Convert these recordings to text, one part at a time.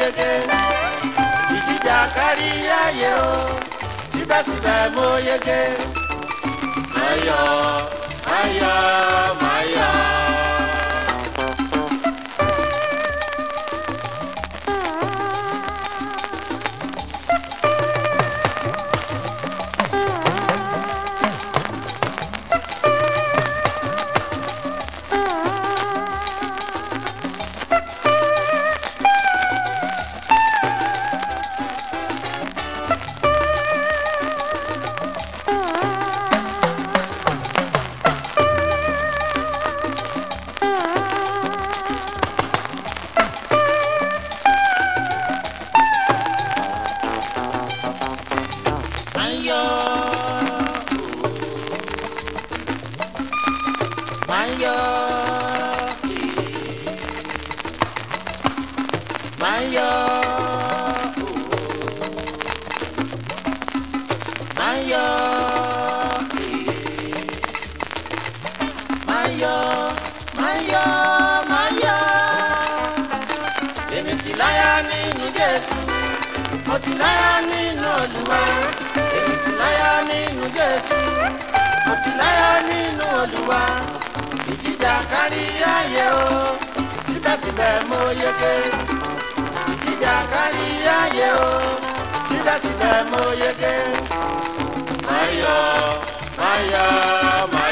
yege ìjìjà kárí ayé o síbẹ̀síbẹ̀ mo yege ayọ̀ ayọ̀ máyọ̀. mo ti láyà nínú Olúwa èmi ti láyà nínú Jésù mo ti láyà nínú Olúwa ìjìjà kárí ayé o síbẹ̀síbẹ̀ mo yege ìjìjà kárí ayé o síbẹ̀síbẹ̀ mo yege máyọ̀ máyọ̀ máyọ̀.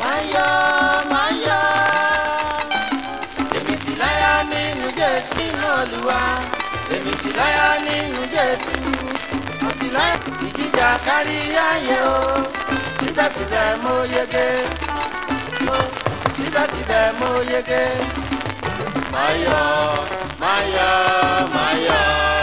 Maya, Maya. Èmi ti láyà nínú Jésù nínú Olúwa. Èmi ti láyà nínú Jésù. Mo ti láyà ìjìjà kárí ayé o. Síbẹ̀síbẹ̀ mo mo yege. Maya, Maya, Maya.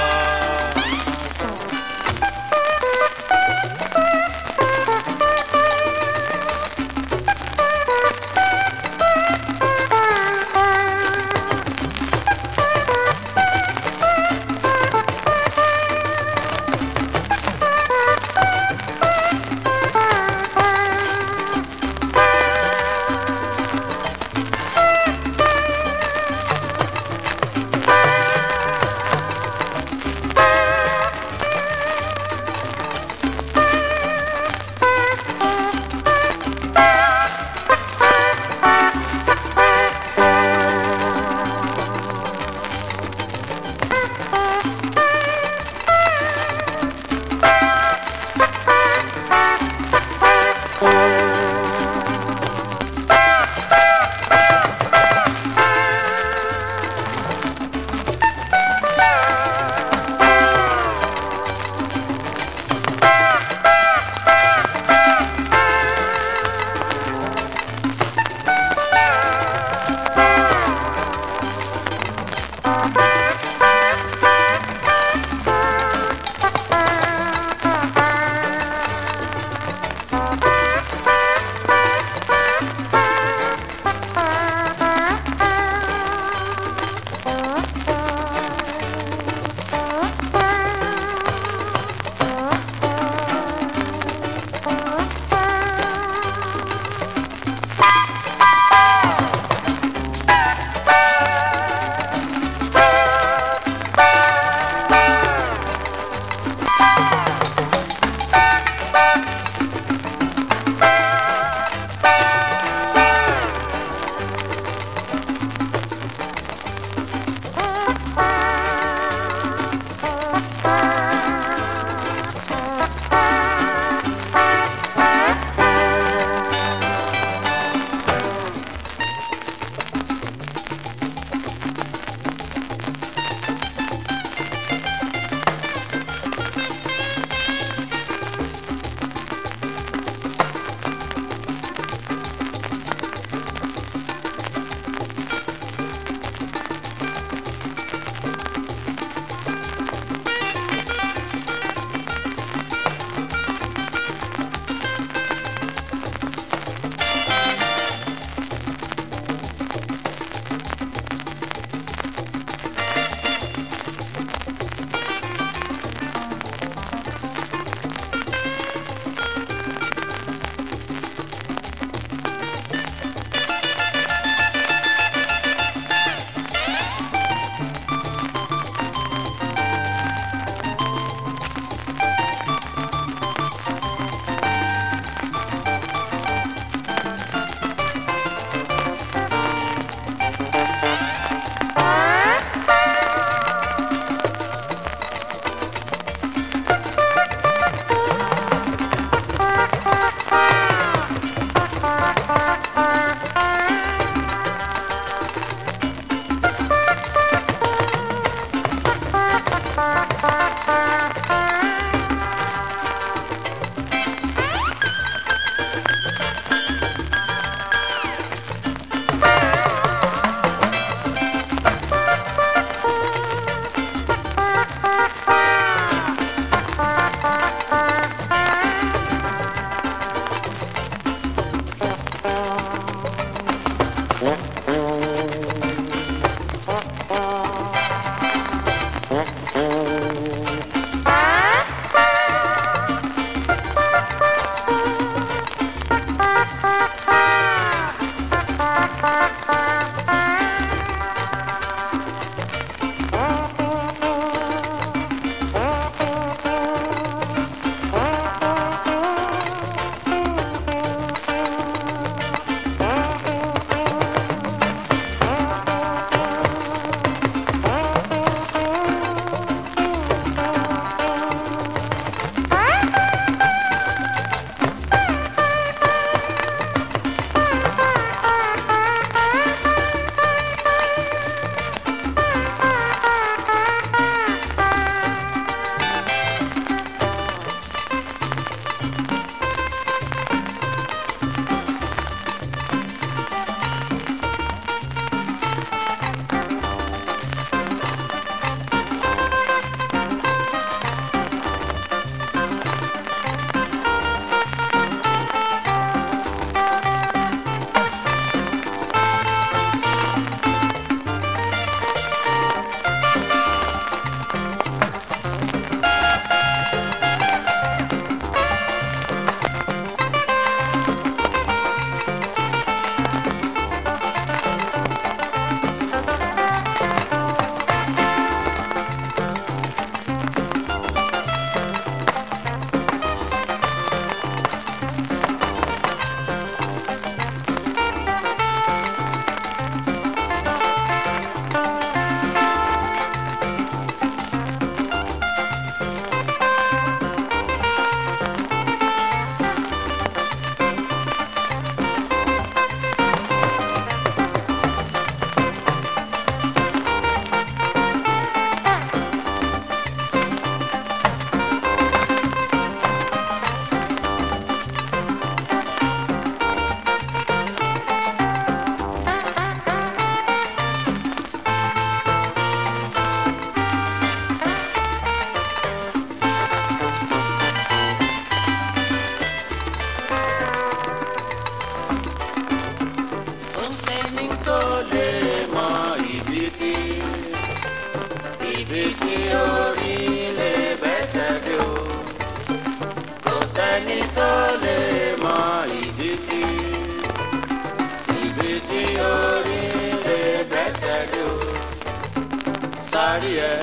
parí ẹ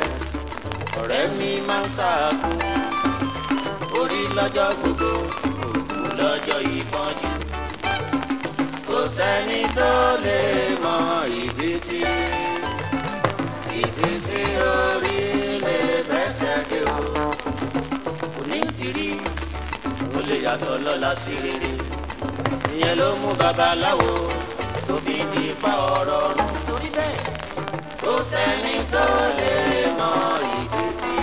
ọ̀rẹ́ mi máa ń sàkó orí lọ́jọ́ gbogbo òkú lọ́jọ́ ìpọ́njú kò sẹ́ni tó lè mọ ibi tí ibi tí orí lè fẹsẹ̀ dé o kò ní tìrí ó lè yàtọ̀ lọ́la sí rere ìyẹn ló mú babaláwo tó fi di pa ọ̀rọ̀ kò sẹ́ni tó lè mọ ìdí tí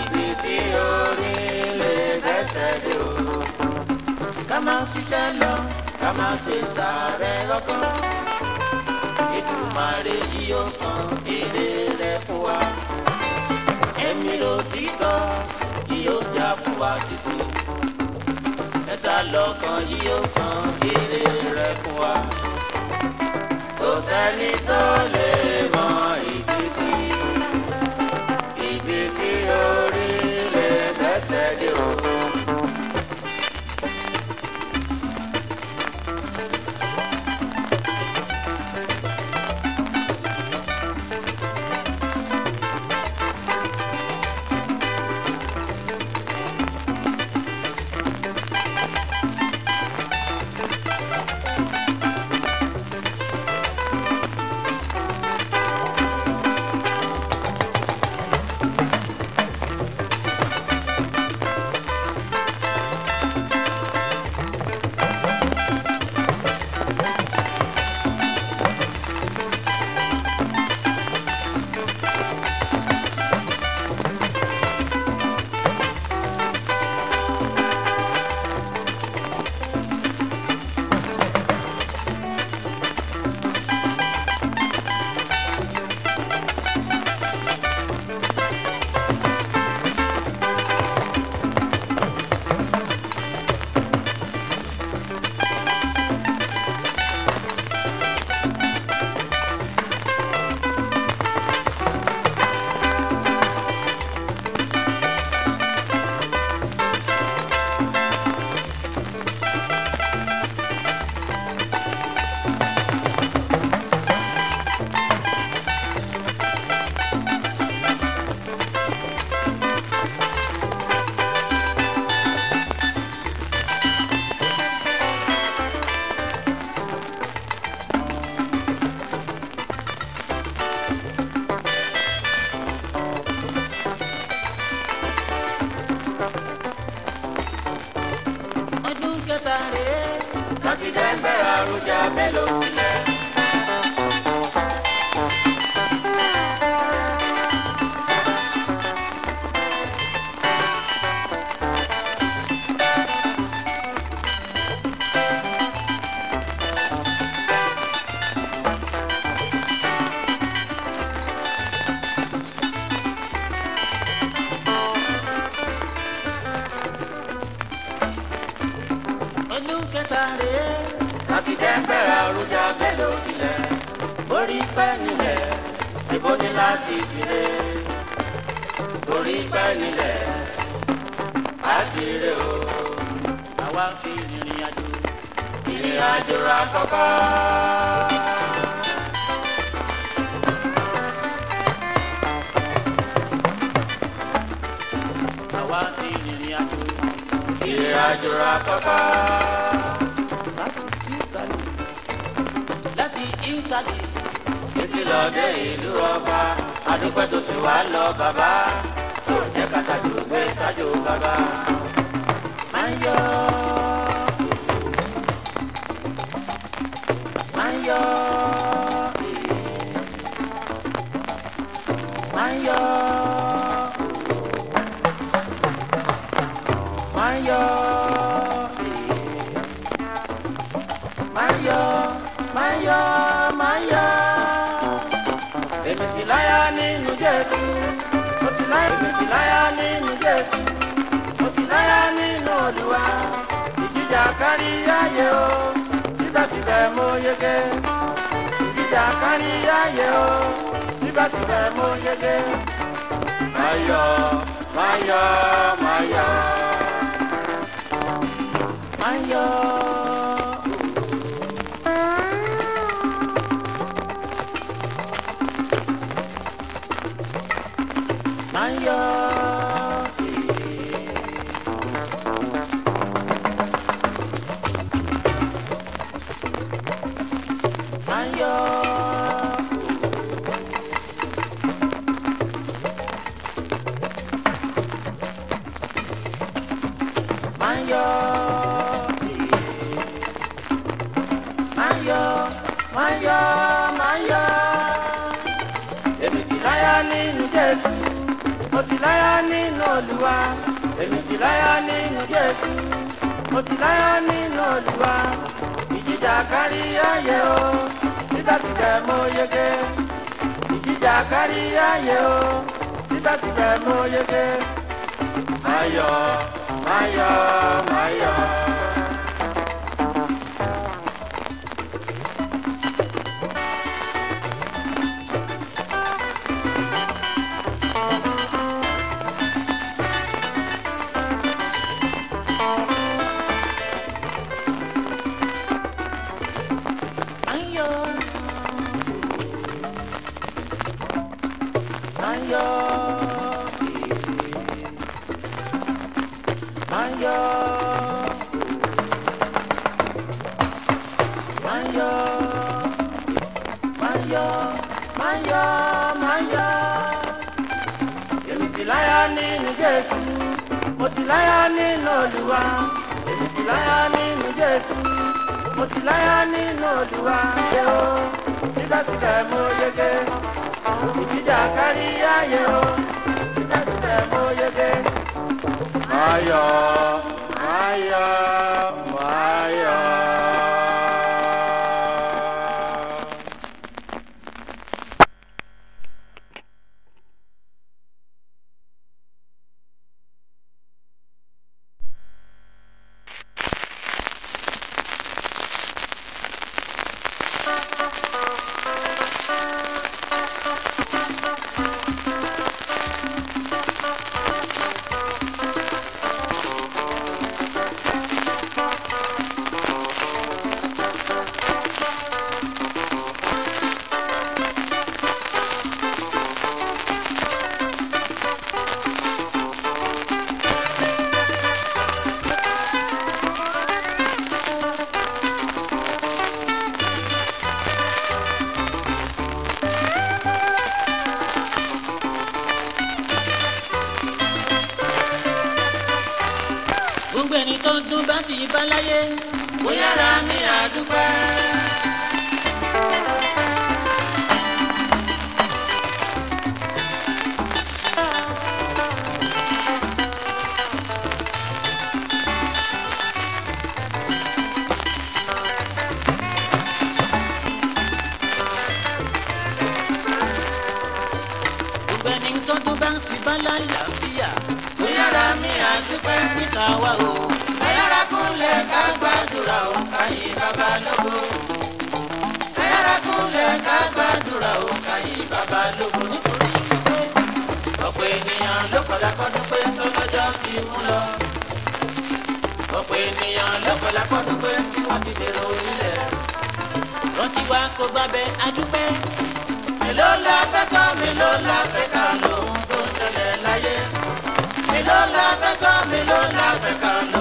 ibi tí orí lè dẹ́sẹ̀ dé o. ká máa ṣiṣẹ́ lọ ká máa ṣe sàárẹ̀ lọ́kàn. Èdùmàrè yìí ó san èrè rẹ̀ fún ti tọ́ yìí ó jà fún wa títí. ẹ̀ta sanitole ti rìnrìn àjò. ìrìn àjò ra kọ́kọ́. àwa ti rìnrìn àjò. ìrìn àjò ra kọ́kọ́. láti Italy títí lọ dé ìlú ọba adúpẹ́ tó sì wá lọ bàbá tó jẹ́ kàtàjò gbé sájò bàbá. Mayo. yọ máa ń yọ máa ń yọ máa ń yọ máa ń yọ máa ń yọ èmi ti láyà nínú Jésù mo ti láyà èmi ti yege ìjà kárí ayé o síbẹ̀síbẹ̀ mo yege. Máyọ̀ Máyọ̀ Máyọ̀ Máyọ̀. Olúwa èmi ti láyà nínú Jésù mo ti láyà nínú Olúwa ìjìjà kárí ayé o síbẹ̀síbẹ̀ mo yege ìjìjà kárí ayé o síbẹ̀síbẹ̀ mo yege. mayo, mayo. ayọ̀. wa o. Ẹ yára kúnlẹ̀ ká gbàdúrà o, káyìn bàbá lógo. Ẹ yára kúnlẹ̀ ká gbàdúrà o, káyìn bàbá lógo. Nítorí wípé ọ̀pọ̀ ènìyàn ló kọ̀lá kọ́dún pé tó lọ́jọ́ ti mú lọ. ọ̀pọ̀ ènìyàn la fẹ́ kọ́ Copacabana. Tá, tá, tá.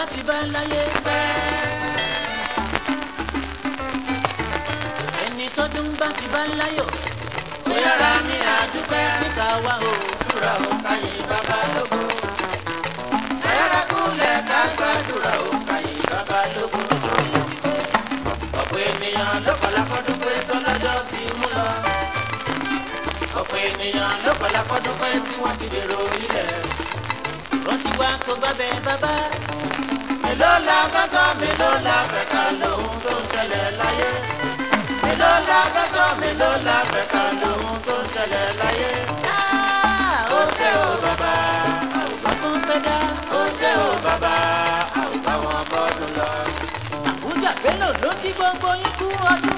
bá ti bá láyé pẹ́. ẹni tọ́dún bá ti bá láyọ̀ ó yára ní àdúpẹ́ níta wá o dúra o káyé bàbá lógo. ẹ̀rọ kúnlẹ̀ ká gbàdúrà o káyé bàbá lógo. ọ̀pọ̀ ènìyàn ló kọ́lá kọ́dún pé tọ́lọ́jọ́ ti mú lọ. ọ̀pọ̀ ènìyàn ló kọ́lá kọ́dún pé tí wọ́n ti dèrò ilẹ̀ rántí wá kó gbábẹ́ bàbá èló la fẹ́ sọ mi ló la fẹ́ ká lóhun tó ń ṣẹlẹ̀ láyé èló la o bàbá àwùbá tún pẹ́ o bàbá àwùbá wọn bọ́dún lọ. àbújá bello ló ti gbogbo yín kú ọdún.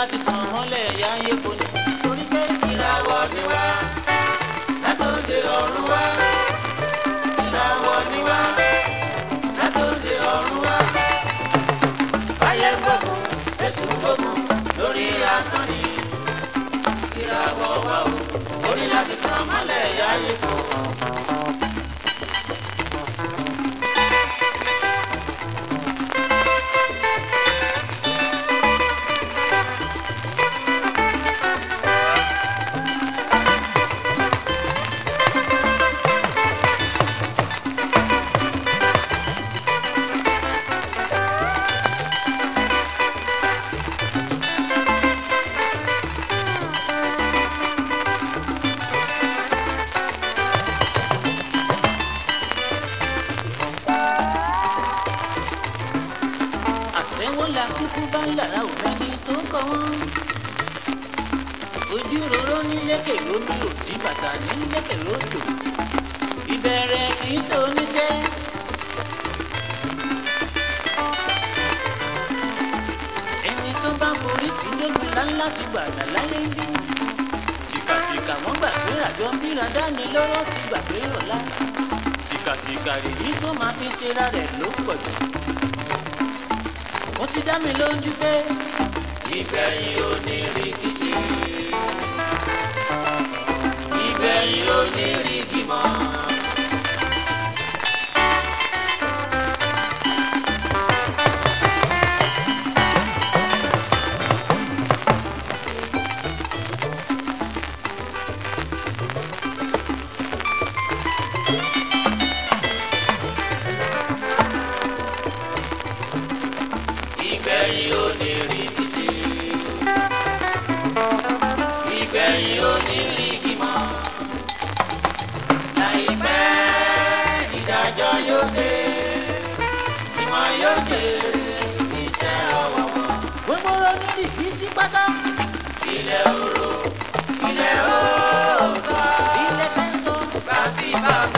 láti tàn mọ́lẹ̀ ẹ̀yà ayé kò ní. torí pé ìràwọ̀ ni wá látòde ọ̀run wá ìràwọ̀ ni wá látòde ọ̀run wá. báyẹ̀ gbógun èṣù gbógun lórí asán ni ìràwọ̀ wá o orí láti tàn mọ́lẹ̀ ẹ̀yà ayé kò. ti gbàgbà láyé ń bí. ṣìkàṣìkà wọ́n gbà pé àjọ bíra dání lọ́rọ́ ti gbà pé rọ̀lá. ṣìkàṣìkà rèé tó máa fi ṣera rẹ̀ ló pọ̀ jù. ó ti dá mi lójú pé. ìgbẹ̀yìn onírìkìṣì. ìgbẹ̀yìn onírìkìmọ̀. Amen.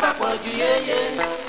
pàpọ̀ yeah, yeah.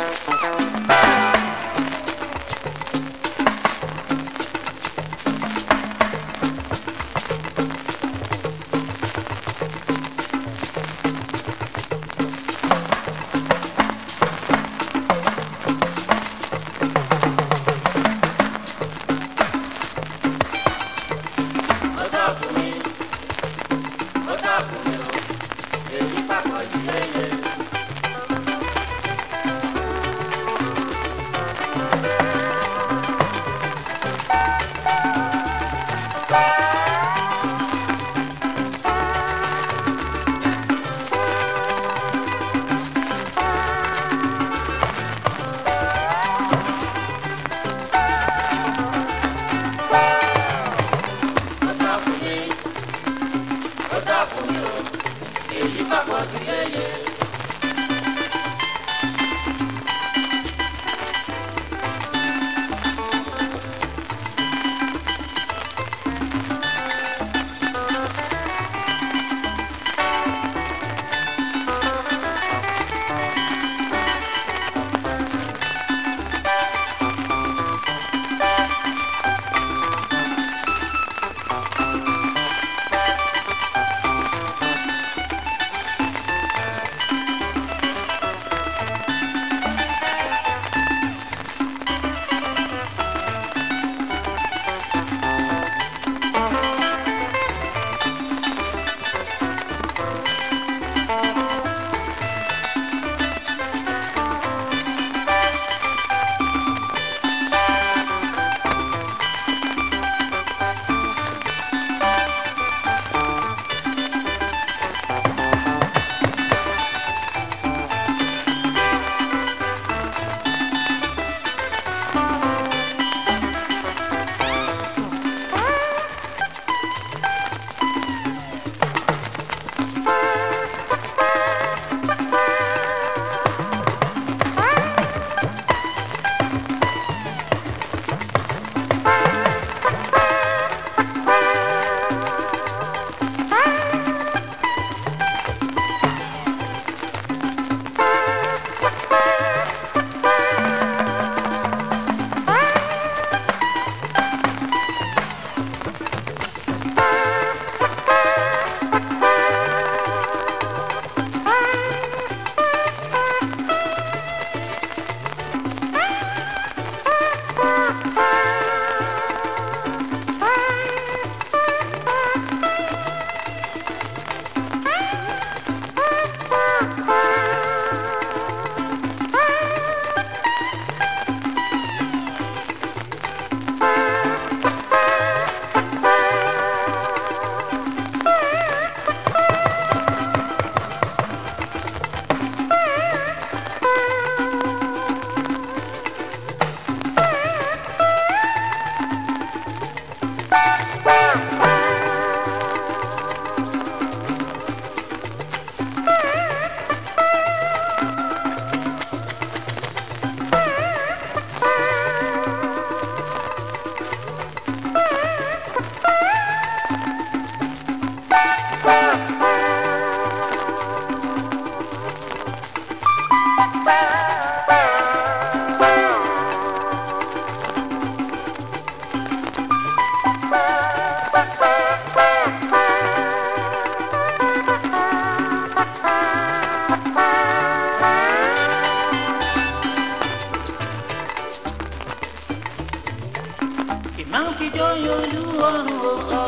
yọjú ọ̀run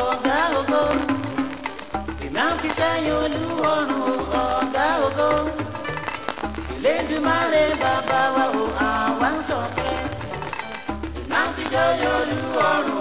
ọ̀gá ògo ìmọ̀ àfisẹ́ yọjú ọ̀run ọ̀gá ògo ìlédùmarè bàbá wa ò àwa ń sọ̀kẹ́ ìmọ̀ àfijọ́ yọjú ọ̀run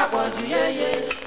papọ̀ ju yéyé.